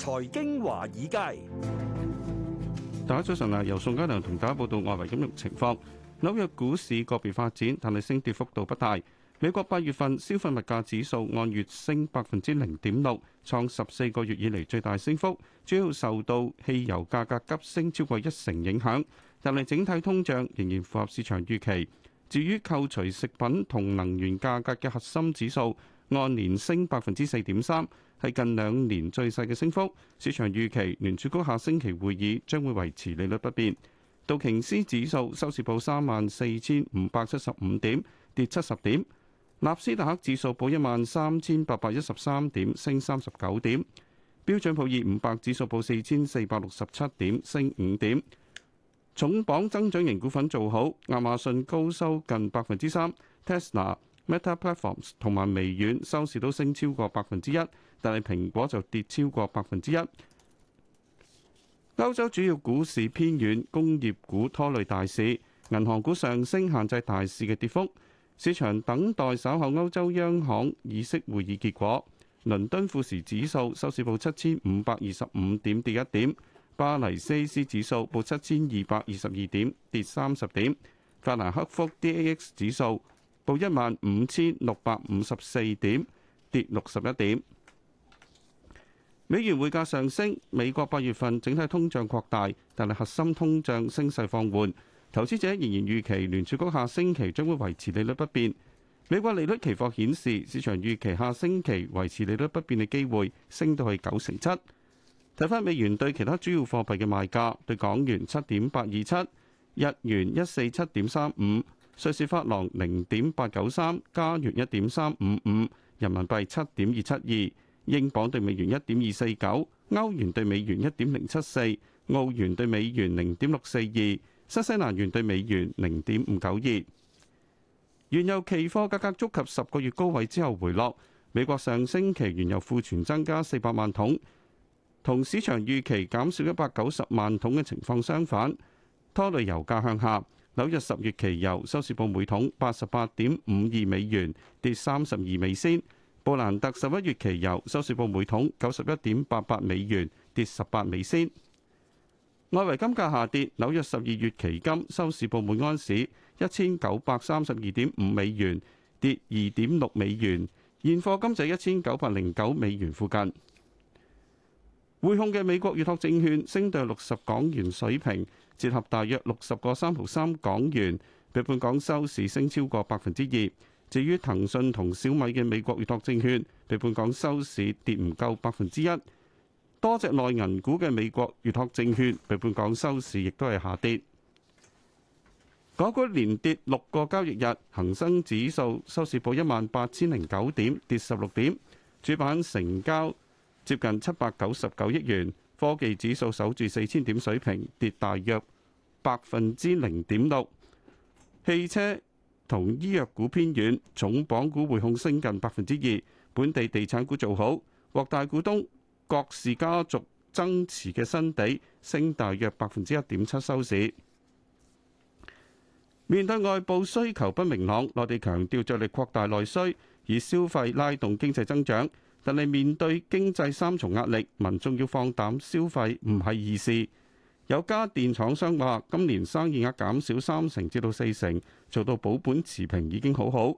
財經華爾街，大家早晨啊！由宋嘉良同大家報道外圍金融情況。紐約股市個別發展，但係升跌幅度不大。美國八月份消費物價指數按月升百分之零點六，創十四個月以嚟最大升幅，主要受到汽油價格急升超過一成影響。但係整體通脹仍然符合市場預期。至於扣除食品同能源價格嘅核心指數。按年升百分之四點三，係近兩年最細嘅升幅。市場預期聯儲局下星期會議將會維持利率不變。道瓊斯指數收市報三萬四千五百七十五點，跌七十點。納斯達克指數報一萬三千八百一十三點，升三十九點。標準普爾五百指數報四千四百六十七點，升五點。重磅增長型股份做好，亞馬遜高收近百分之三，Tesla。Meta Platforms 同埋微軟收市都升超過百分之一，但係蘋果就跌超過百分之一。歐洲主要股市偏軟，工業股拖累大市，銀行股上升限制大市嘅跌幅。市場等待稍後歐洲央行議息會議結果。倫敦富時指數收市報七千五百二十五點，跌一點。巴黎 CAC 指數報七千二百二十二點，跌三十點。法蘭克福 DAX 指數，到一萬五千六百五十四點，跌六十一點。美元匯價上升，美國八月份整體通脹擴大，但係核心通脹升勢放緩。投資者仍然預期聯儲局下星期將會維持利率不變。美國利率期貨顯示，市場預期下星期維持利率不變嘅機會升到去九成七。睇翻美元對其他主要貨幣嘅賣價，對港元七點八二七，日元一四七點三五。瑞士法郎零點八九三，加元一點三五五，人民幣七點二七二，英鎊兌美元一點二四九，歐元兌美元一點零七四，澳元兌美元零點六四二，新西蘭元兌美元零點五九二。原油期貨價格觸及十個月高位之後回落。美國上星期原油庫存增加四百萬桶，同市場預期減少一百九十萬桶嘅情況相反，拖累油價向下。紐約十月期油收市報每桶八十八點五二美元，跌三十二美仙。布蘭特十一月期油收市報每桶九十一點八八美元，跌十八美仙。外圍金價下跌，紐約十二月期金收市報每安士一千九百三十二點五美元，跌二點六美元，現貨金就一千九百零九美元附近。匯控嘅美國預託證券升到六十港元水平。折合大約六十個三毫三港元，比本港收市升超過百分之二。至於騰訊同小米嘅美國預託證券，比本港收市跌唔夠百分之一。多隻內銀股嘅美國預託證券，比本港收市亦都係下跌。港股連跌六個交易日，恒生指數收市報一萬八千零九點，跌十六點，主板成交接近七百九十九億元。科技指數守住四千點水平，跌大約百分之零點六。汽車同醫藥股偏軟，重磅股匯控升近百分之二。本地地產股做好，獲大股東郭氏家族增持嘅新地升大約百分之一點七收市。面對外部需求不明朗，內地強調着力擴大內需，以消費拉動經濟增長。但係面對經濟三重壓力，民眾要放膽消費唔係易事。有家電廠商話，今年生意額減少三成至到四成，做到保本持平已經好好。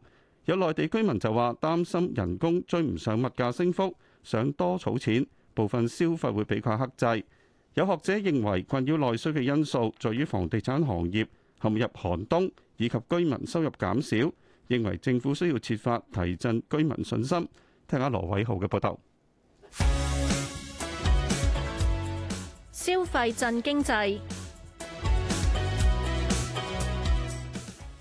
有內地居民就話擔心人工追唔上物價升幅，想多儲錢。部分消費會比較克制。有學者認為困擾內需嘅因素在於房地產行業陷入寒冬，以及居民收入減少。認為政府需要設法提振居民信心。聽下羅偉豪嘅報道。消費震，經濟，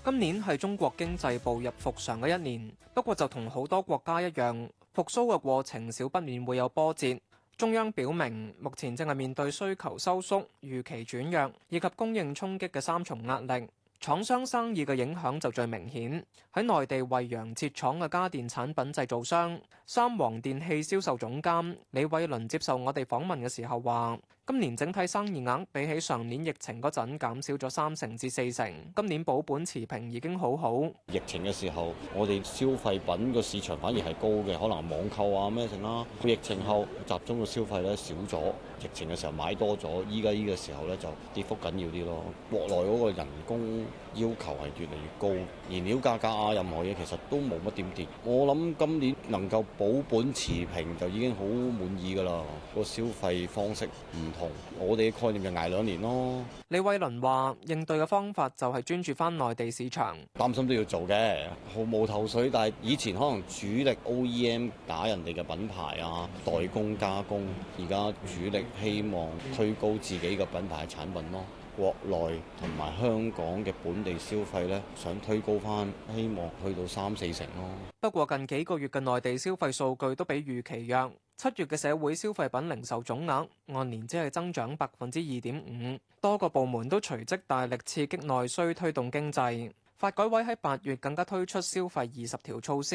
今年係中國經濟步入復常嘅一年。不過就同好多國家一樣，復蘇嘅過程少不免會有波折。中央表明，目前正係面對需求收縮、預期轉弱以及供應衝擊嘅三重壓力。廠商生意嘅影響就最明顯，喺內地惠陽設廠嘅家電產品製造商三皇電器銷售總監李偉倫接受我哋訪問嘅時候話。今年整體生意額比起上年疫情嗰陣減少咗三成至四成。今年保本持平已經好好。疫情嘅時候，我哋消費品個市場反而係高嘅，可能網購啊咩剩啦。疫情後集中嘅消費咧少咗，疫情嘅時候買多咗，依家呢個時候咧就跌幅緊要啲咯。國內嗰個人工要求係越嚟越高，原料價格啊任何嘢其實都冇乜點跌。我諗今年能夠保本持平就已經好滿意噶啦。個消費方式同我哋嘅概念就捱兩年咯。李慧倫話：應對嘅方法就係專注返內地市場，擔心都要做嘅，毫無頭緒。但係以前可能主力 OEM 打人哋嘅品牌啊，代工加工，而家主力希望推高自己嘅品牌的產品咯。國內同埋香港嘅本地消費咧，想推高翻，希望去到三四成咯，啊。不過近幾個月嘅內地消費數據都比預期弱。七月嘅社會消費品零售總額按年只係增長百分之二點五。多個部門都隨即大力刺激內需，推動經濟。發改委喺八月更加推出消費二十條措施，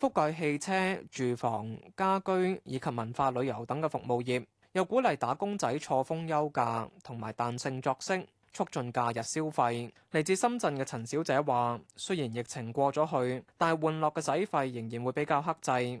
覆蓋汽車、住房、家居以及文化旅遊等嘅服務業。又鼓勵打工仔錯峰休假同埋彈性作息，促進假日消費。嚟自深圳嘅陳小姐話：雖然疫情過咗去，但係玩樂嘅使費仍然會比較克制。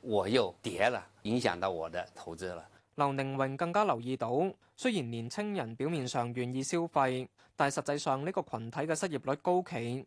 我又跌了，影響到我的投資了。劉寧榮更加留意到，雖然年輕人表面上願意消費，但實際上呢個群體嘅失業率高企。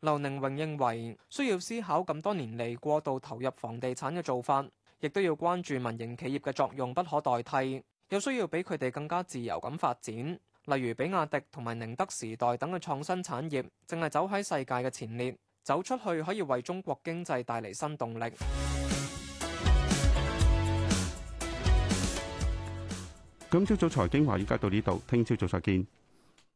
劉寧榮認為需要思考咁多年嚟過度投入房地產嘅做法，亦都要關注民營企業嘅作用不可代替，又需要俾佢哋更加自由咁發展，例如比亞迪同埋寧德時代等嘅創新產業，正係走喺世界嘅前列，走出去可以為中國經濟帶嚟新動力。今朝早財經華爾街到呢度，聽朝早，早再見。